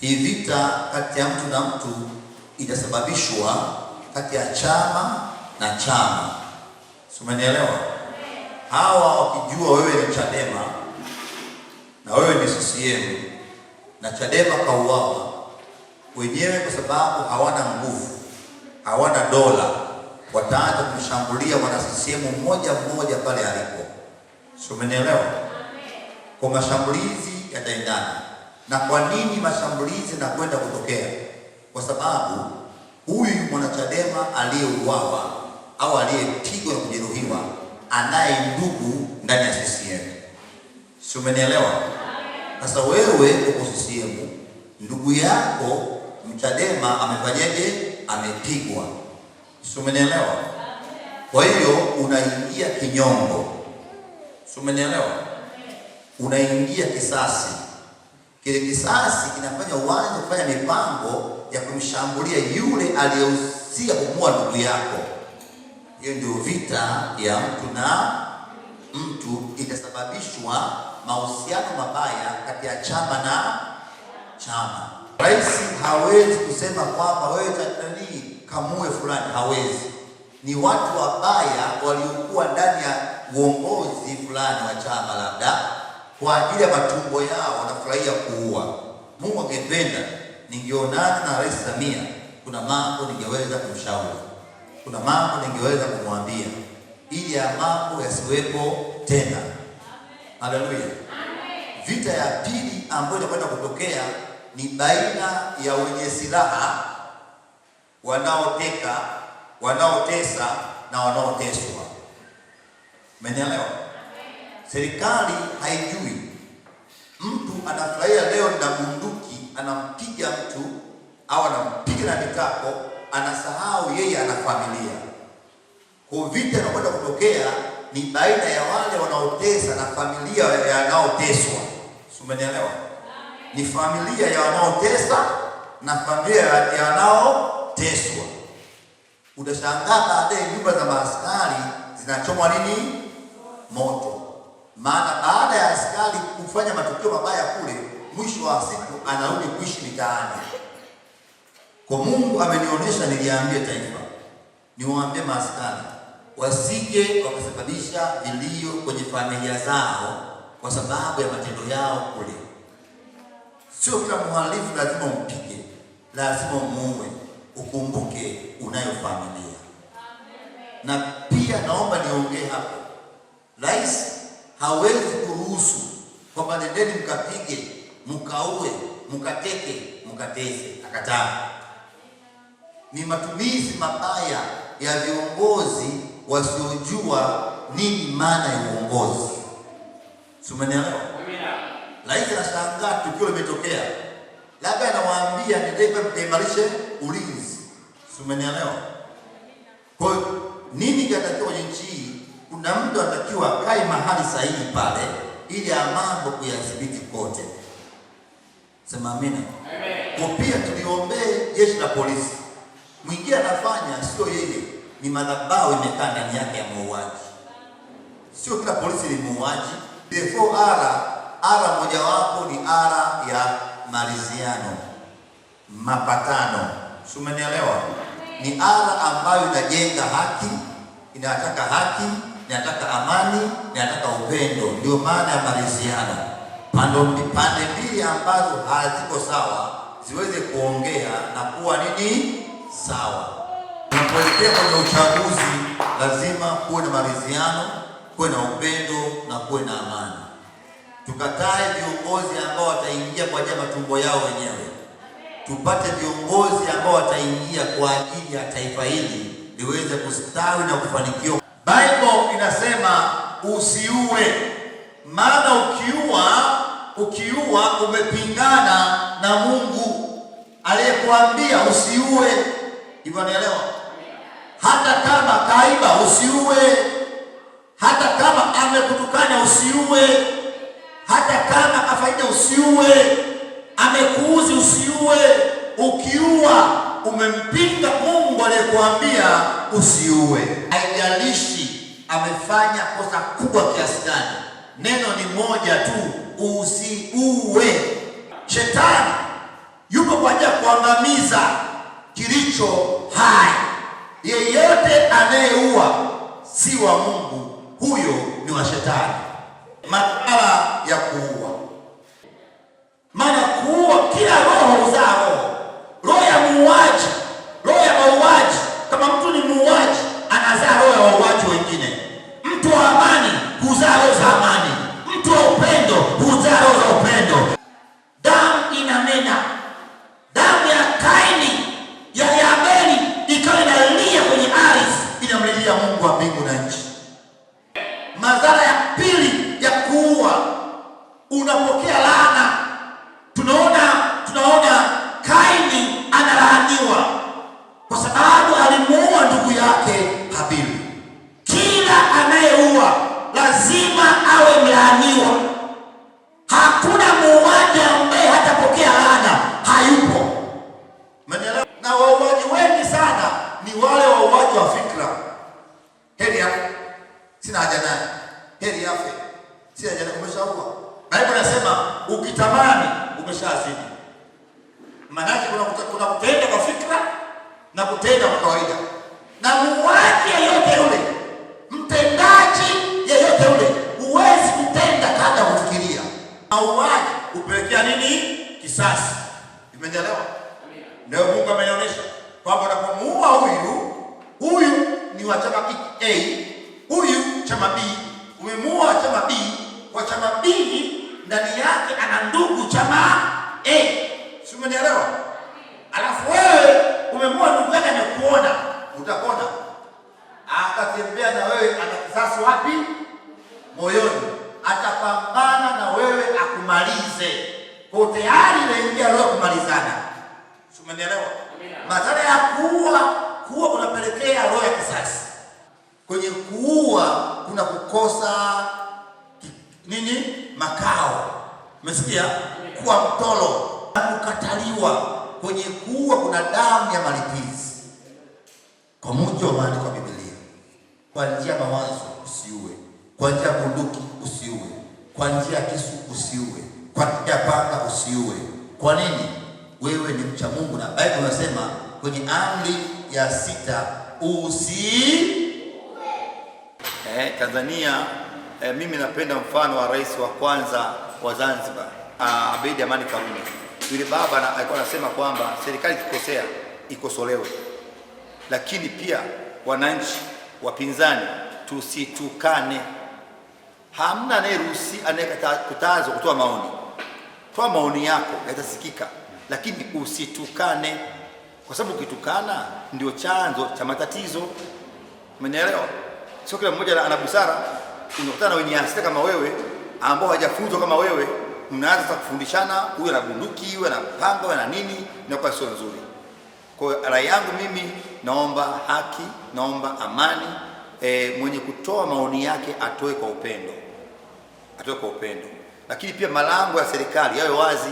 Hii vita kati ya mtu na mtu itasababishwa kati ya chama na chama, simanielewa? Hawa wakijua wewe ni Chadema na wewe ni CCM na Chadema kauawa wenyewe, kwa sababu hawana nguvu, hawana dola, wataanza kumshambulia mwana CCM mmoja mmoja pale alipo, simanielewa? Kwa mashambulizi yataendana na kwa nini mashambulizi na kwenda kutokea? Kwa sababu huyu mwanachadema aliyeuawa au aliyepigwa na kujeruhiwa anaye ndugu ndani ya CCM, si umenielewa? Sasa wewe uko CCM, ndugu yako mchadema amefanyaje? Amepigwa, si umenielewa? Kwa hiyo unaingia kinyongo, si umenielewa? Unaingia kisasi Kile kisasi kinafanya uanze kufanya mipango ya kumshambulia yule aliyehusika kumua ndugu yako. Hiyo ndio vita ya mtu na mtu, itasababishwa mahusiano mabaya kati ya chama na chama. Rais hawezi kusema kwamba wewe tatani kamue fulani, hawezi. Ni watu wabaya waliokuwa ndani ya uongozi fulani wa chama labda kwa ajili ya matumbo yao wanafurahia kuua. Mungu angependa ningeonana na Rais Samia, kuna mambo ningeweza kumshauri, kuna mambo ningeweza kumwambia ili ya mambo yasiwepo tena. Haleluya! Vita ya pili ambayo inakwenda kutokea ni baina ya wenye silaha wanaoteka, wanaotesa na wanaoteswa. menelewa serikali haijui. Mtu anafurahia leo na bunduki, anampiga mtu au anampiga na kitako, anasahau yeye ana familia. Kwa vita inakwenda kutokea ni baina ya wale wanaotesa na familia ya wanaoteswa. Umenielewa? Ni familia ya wanaotesa na familia ya wanaoteswa. Utashangaa baadaye nyumba za maaskari zinachomwa nini? Moto maana baada ya askari kufanya matukio mabaya kule, mwisho wa siku anarudi kuishi mitaani. Kwa Mungu amenionyesha, niliambie taifa, niwaambie maaskari wasije wakasababisha vilio kwenye familia zao kwa sababu ya matendo yao kule. Sio kila mhalifu lazima umpige, lazima umuue. Ukumbuke unayo familia. Na pia naomba niongee hapo, rais hawezi kuruhusu kwamba nendeni mkapige, mkaue, mkateke, mkateze. Akataa. Ni matumizi mabaya ya viongozi wasiojua nini maana ya uongozi. Sumenielewa? Laiki anashangaa tukio limetokea, labda anawaambia nendeni mkaimarishe ulinzi. Sumenielewa? Kwa hiyo nini kinatakiwa kwenye nchi hii kuna mtu atakiwa akae mahali sahihi pale, ili amambo kuyadhibiti kote. Sema amina. Pia tuliombee jeshi la polisi, mwingine anafanya sio yeye, ni madhabahu imekaa ndani yake ya muuaji. Sio kila polisi ni muuaji. Therefore, ara ara mojawapo ni ara ya maliziano, mapatano, si umenielewa? Ni ara ambayo inajenga haki, inataka haki nataka amani, nataka upendo. Ndio maana ya maridhiano. Pande mbili ambazo haziko sawa ziweze kuongea na kuwa nini sawa. Tunapoelekea kwenye uchaguzi, lazima kuwe na maridhiano, kuwe na upendo na kuwe na amani. Tukatae viongozi ambao wataingia kwa ajili ya matumbo yao wenyewe, tupate viongozi ambao wataingia kwa ajili ya taifa hili liweze kustawi na kufanikiwa. Bible inasema usiue, maana ukiua ukiua umepingana na Mungu aliyekuambia usiue. Hivyo naelewa, hata kama kaiba usiue, hata kama amekutukana usiue, hata kama afaida usiue, amekuuzi usiue. Ukiua umempinga Mungu aliyekuambia usiue. Haijalishi amefanya kosa kubwa kiasi gani? Neno ni moja tu, usiue. Shetani yupo kwa ajili ya kuangamiza kilicho hai. Yeyote anayeua si wa Mungu, huyo ni wa shetani. Madhara ya kuua, maana kuua kila ya Mungu wa mbingu na nchi. Madhara ya pili ya kuua, unapokea laana. Tunaona tunaona Kaini analaaniwa kwa sababu alimuua ndugu yake Habili. Kila anayeua lazima awe mlaaniwa. ajali, heri afe. si ajali umeshaua. Biblia inasema ukitamani umeshazidi. Maanake kuna kutenda kwa fikra na kutenda kwa kawaida, na muuaji yeyote yule, mtendaji yeyote yule, huwezi kutenda kabla kufikiria. Mauaji upelekea nini? Kisasi. Imeelewa? Ndio Mungu amenionyesha kwamba unapomuua huyu huyu ni wa chama A, huyu chama B, umemuoa chama B, kwa chama B ndani yake ana ndugu chama A, si umenielewa? Alafu wewe umemuoa ndugu yake amekuona, utakona atatembea na wewe, ana kisasi wapi? Moyoni, atapambana na wewe akumalize. Kwa tayari naingia roho kumalizana, si umenielewa? Madhara ya kuua kuwa unapelekea roho ya kisasi Kwenye kuua kuna kukosa nini? Makao. Umesikia? Kuwa mtolo na kukataliwa. Kwenye kuua kuna damu ya malipizi, kwa mujibu wa maandiko ya Biblia. Kwa njia mawazo usiue, kwa njia bunduki usiue, kwa njia ya kisu usiue, kwa njia panga usiue. Kwa nini? Wewe ni mcha Mungu, na Biblia inasema kwenye amri ya sita usi eh, Tanzania eh, mimi napenda mfano wa rais wa kwanza wa Zanzibar ah, Abeid Amani Karume. Yule baba alikuwa anasema kwamba serikali ikikosea ikosolewe, lakini pia wananchi wapinzani tusitukane. Hamna anayeruhusi anayekutazwa kutoa maoni. Toa maoni yako yatasikika, lakini usitukane, kwa sababu ukitukana ndio chanzo cha matatizo. Umenielewa? Sio kila mmoja ana busara. Unakutana wenye hasira kama wewe, ambao hajafunzwa kama wewe, mnaanza kufundishana, huyu ana bunduki, huyu ana panga, huyu ana nini, kwa sio nzuri. Kwa hiyo rai yangu mimi, naomba haki, naomba amani. E, mwenye kutoa maoni yake atoe kwa upendo, atoe kwa upendo, lakini pia malango ya serikali yawe wazi.